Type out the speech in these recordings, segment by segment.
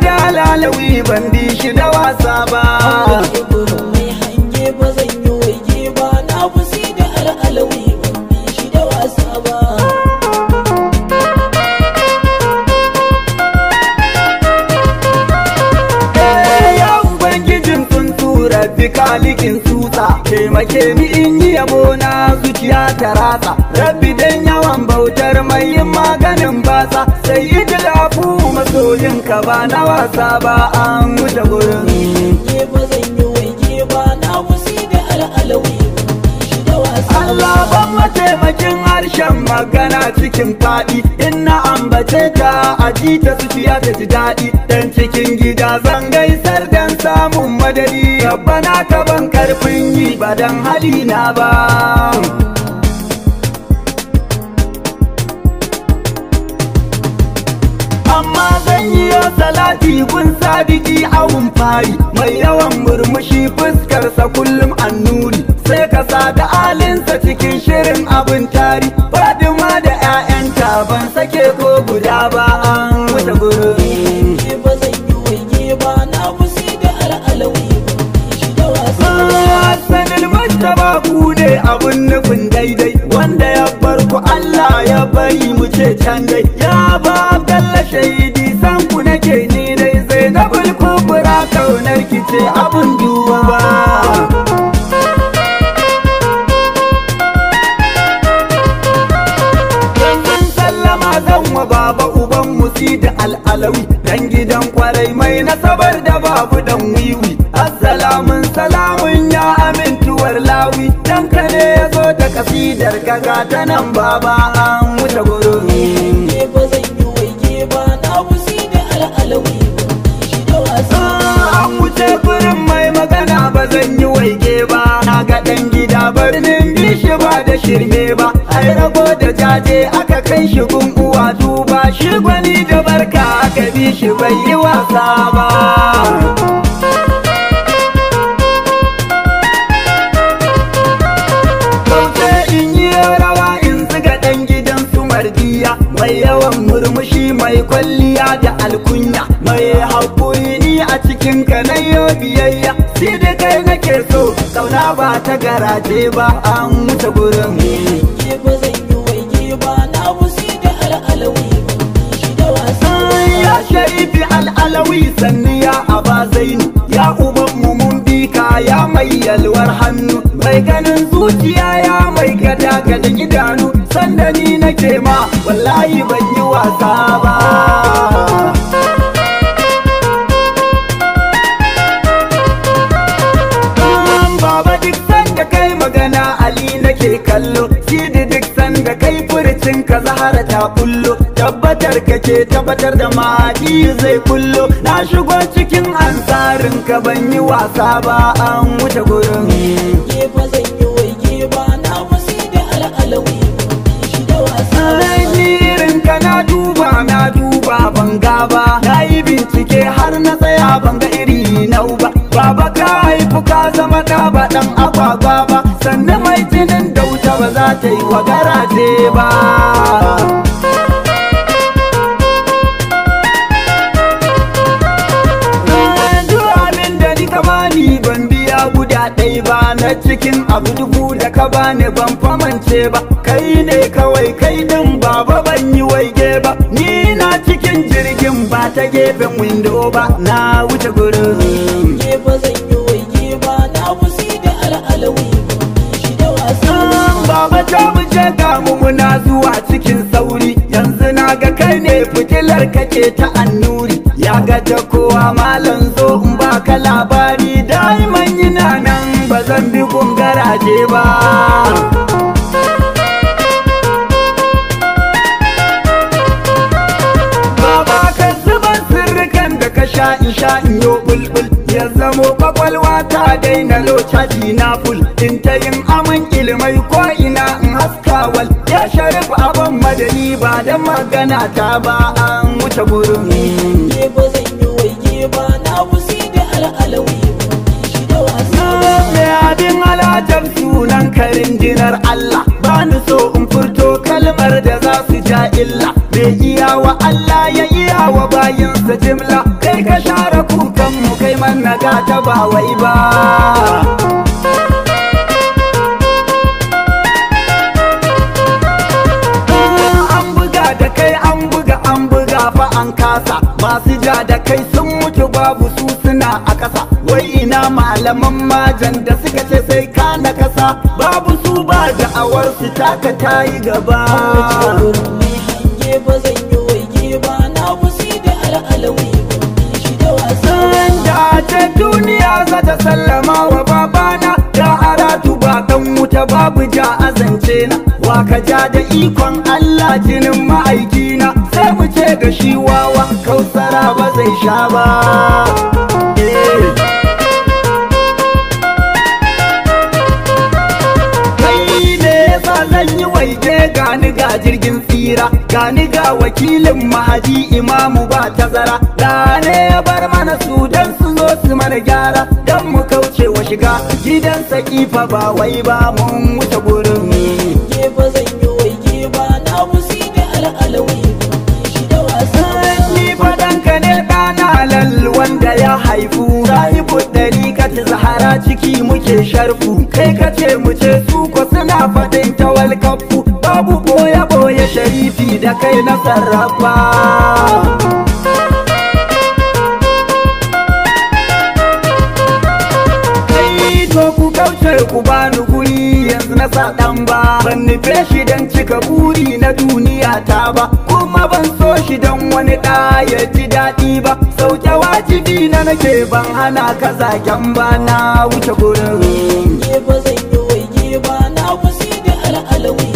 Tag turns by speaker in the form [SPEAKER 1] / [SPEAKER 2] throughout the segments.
[SPEAKER 1] da lalawi ban bi shi da wasa ba mai hange ba zan yi waige ba na fusi da al'alawi ban bi shi da wasa ba ya ubangijin tsuntsu rabbi kalikin tsutsa taimake ni in yi yabo na zuciya ta ratsa rabbi dan yawan bautar mai yin basa, batsa sai yi da lafu Yin ka ba na wasa ba an wuce gurin Allah ban mataimakin harshen magana cikin faɗi in na ambace ta a ta su fiya ta ji daɗi dan cikin gida zan gaisar dan samun madadi na ka ban karfin yi ba dan hali na ba kun sadiki awun fari mai yawan murmushi fuskarsa kullum annuri sai ka sada alinsa cikin shirin abin tari fadima da 'ya'yanta ban sake ko guda ba an wata gurin abun nufin daidai wanda ya bar ku Allah ya bari mu ce can dai danka ne ya zo da kasidar ka ta nan baba an wuce ne ba zan yi waige ba na wusi da al'alawi shi da wasa ah, an wuce gurin mai magana ba zan yi waige ba na ga ɗan gida birnin bishi ba da shirme ba ai rago da jaje aka kai shi gun uwa duba shi gwani da barka aka bi shi bai yi wasa ba mai yawan murmushi mai kwalliya da alkunya mai haƙuri ni a cikin ka na biyayya sai da kai nake so kauna ba ta garaje ba an wuce gurin ya sharifi sannu ya aba zainu ya ya mai yalwar hannu mai ganin zuciya ya mai gada gada gidanu gani nake ma wallahi ban yi wasa ba baba duk sanda kai magana ali nake kallo sidi duk sanda kai furcin ka zahara ta kullo tabbatar kake tabbatar da mahadi zai kullo na shigo cikin ansarin ka ban yi wasa ba an wuce gurin ba na yi bincike har na tsaya ban ga iri nau ba baba ka haifu ka zama ɗa ba ɗan agwagwa ba sannan mai jinin da wuta ba za ta yi wa garaje ba ba na cikin abu dubu da ka bani ban famance ba kai ne kawai kai din baba ban yi waige ba ta gefen windo ba na wuce gurin gefe zan yi waige ba na wusi da al'alawi shi da wasu baba ta ga mu muna zuwa cikin sauri yanzu na ga kai ne fitilar kake ta annuri ya ga ta kowa malam zo in ka labari daiman yana nan ba zan bi gungaraje ba sha in sha yo bulbul ya zamo kwakwalwa ta daina lokaci na ful in ta yin aman ilimai ko ina in haskawal ya sharif abin madani ba da magana ta ba an wuce gurin ba zan yi waige ba na da abin alajar sunan karin jinar Allah ba ni so in furto kalmar da za su ja illa bai iya wa Allah ya iya wa bayinsa jimla ka share kukan mu kai man na ba wai ba an buga buga buga da kai an an fa kasa masu ja da kai sun mutu babu su suna a kasa wai ina malaman majan da suka ce sai ka na kasa babu su ba da awar su taka tayi gaba da babu ja azance na wa ka ja da ikon Allah jinin ma'aiki na sai mu ce ga shi wawa kausara ba zai sha ba eh. zan yi waige gani ga jirgin tsira gani ga wakilin mahaji imamu ba tazara da ne ya bar mana su don su zo su mana gyara shiga gidan saki fa ba wai ba mun wuce gurin mi ke ba zan yi wai ke ba na busi da al'alawai shi da wasa ni fa ka ne dana halal wanda ya haifu sahibu dari ka zahara ciki muke sharfu kai ka ce mu ce su ko suna faɗin tawal kafu babu boye boye sharifi da kai na sarrafa ce ku bani guri yanzu na sa dan ba ban nufe shi dan cika buri na duniya ta ba kuma ban so shi dan wani ɗa ya ji daɗi ba sauke wajibi na nake ban hana ka zagen ba na wuce gurin ba zan yi ba na wasi da al'alawi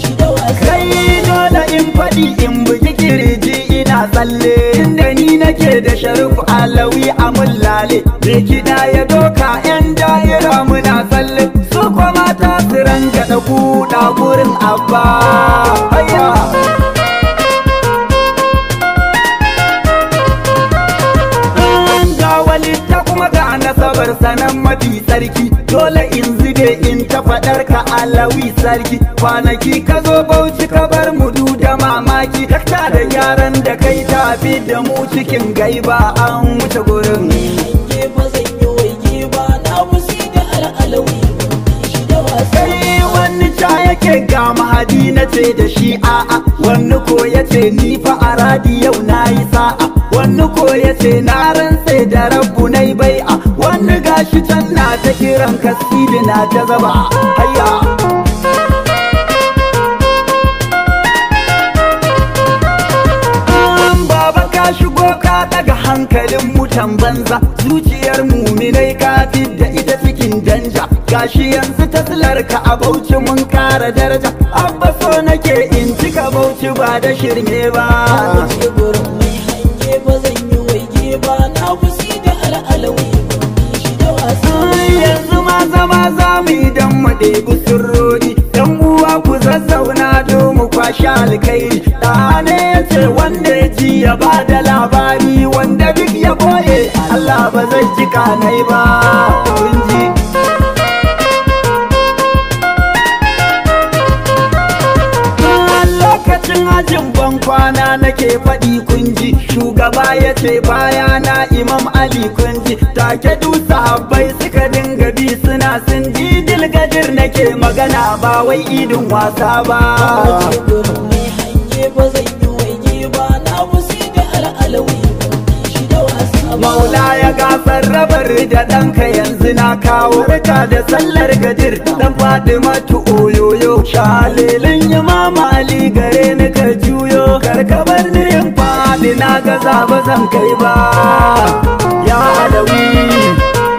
[SPEAKER 1] shi da wasa kai dole in faɗi in bugi kirji ina tsalle inda ni nake da sharufu alawi a mullale bikina ya doka 'yan zauna gurin abba mm, ga walitta kuma ga nasabar sanan mafi sarki dole in zube in ta ka alawi sarki kwanaki ka zo bauchi ka bar mu da mamaki dakta da yaran da kai tafi da mu cikin gaiba an wuce gurin na ce da shi a'a wani ko ya ce ni fa a radiyau na yi sa'a wani ko ya ce na rantse da rabu na yi bai'a wani gashi can na ta kiran kasidi na ta zaba hayya shigo ka daga hankalin mutan banza zuciyar muminai ka da ita cikin danja gashi yanzu tasilar ka a bauchi mun kara daraja abba nake in cika bauchi ba da shirme ba je gurin mai hange ba zan yi waige ba na kusi da shi da yanzu ma zama zamu idan mu ɗebi dan uwa ku zazzauna domin kwashi alkairi ɗane ya ce wanda ya ci ya ba da labari wanda duk ya boye Allah ba zai ji kanai ba nake faɗi kunji shugaba ya ce baya na imam ali kunji take du sahabbai suka dinga bi suna sun ji dilgadir nake magana ba wai idin wasa ba ba zai maula ya gafar rabar da ɗanka yanzu na kawo rika da sallar gadir dan fatima tu oyoyo shalilin mama ali gare ni ka juyo karkabar ni in faɗi na gaza ba zan kai ba ya alawi